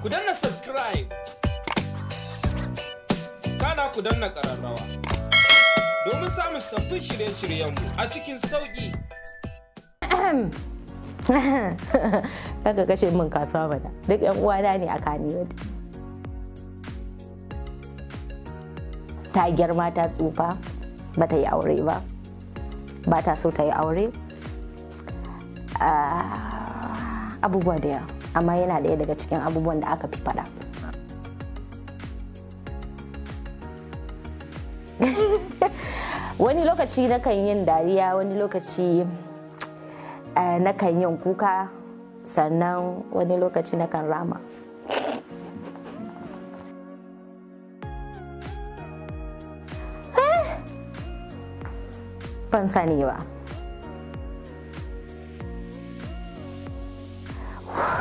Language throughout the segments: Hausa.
ku danna subscribe kana ku danna ƙararrawa domin samun sabbin shirye-shiryenmu a cikin sauƙi kaga kashe min kasuwa mana duk yan uwana ne a kaniwood ta girma ta tsufa ba ta yi aure ba ba ta so ta yi aure ah, abubuwa da yawa amma yana ɗaya daga cikin abubuwan da aka fi faɗa. wani lokaci na kan yin dariya wani lokaci eh, na kan yin kuka sannan wani lokaci na kan rama eh, ban sani ba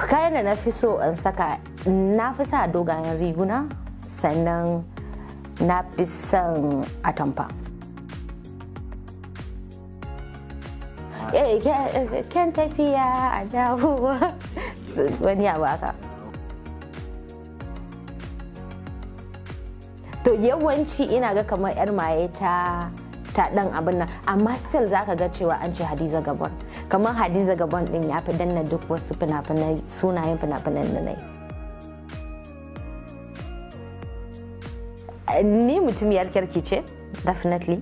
kayan da na fi so in saka na fi sa dogayen riguna sannan na fi son atamfa eh, kyan tafiya a dawo wani abu haka to yawanci ina ga kamar 'yar maye ta ta dan abin nan amma still zaka ga cewa an ce hadiza gabon kamar hadiza gabon din ya fi danna duk wasu fina-finai sunayen fina-finan da nai ni mutum yar kirki ce definitely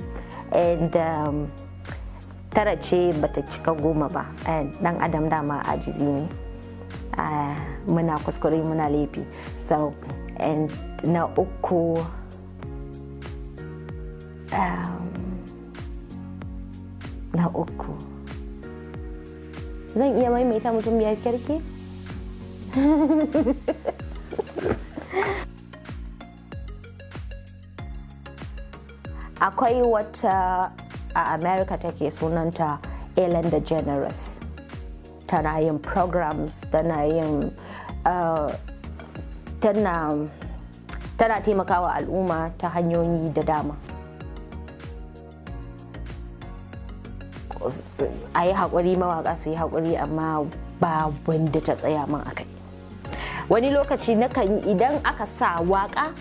and um, tara ce bata cika goma ba dan adam dama a ne uh, muna kuskure muna laifi so and na uku um, na uku zan iya maimaita mutum biyar kirki? akwai wata a america take sunanta ellen the generous tana yin programs tana yin uh, tana taimakawa al'umma ta hanyoyi da dama a yi haƙuri mawaƙa su yi haƙuri amma ba wanda ta tsaya min a kai wani lokaci nakan idan aka sa waƙa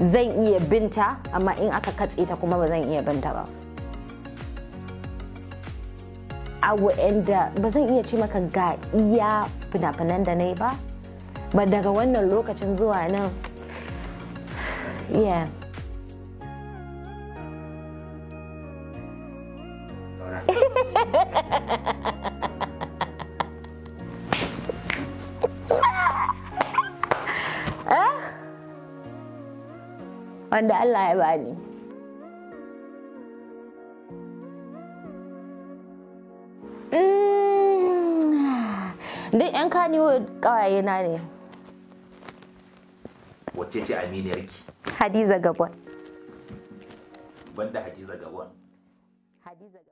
zan iya binta amma in aka katse ta kuma ba zan iya binta ba a wa'anda ba zan iya ce maka ga iya fina-finan da na yi ba ba daga wannan lokacin zuwa nan yeah palabra. Wanda Allah ya bani. Mm. Duk 'yan kaniwood ƙawaye na ne. Wace ce aminiyarki? Hadiza Gabon. Banda Hadiza Gabon. Hadiza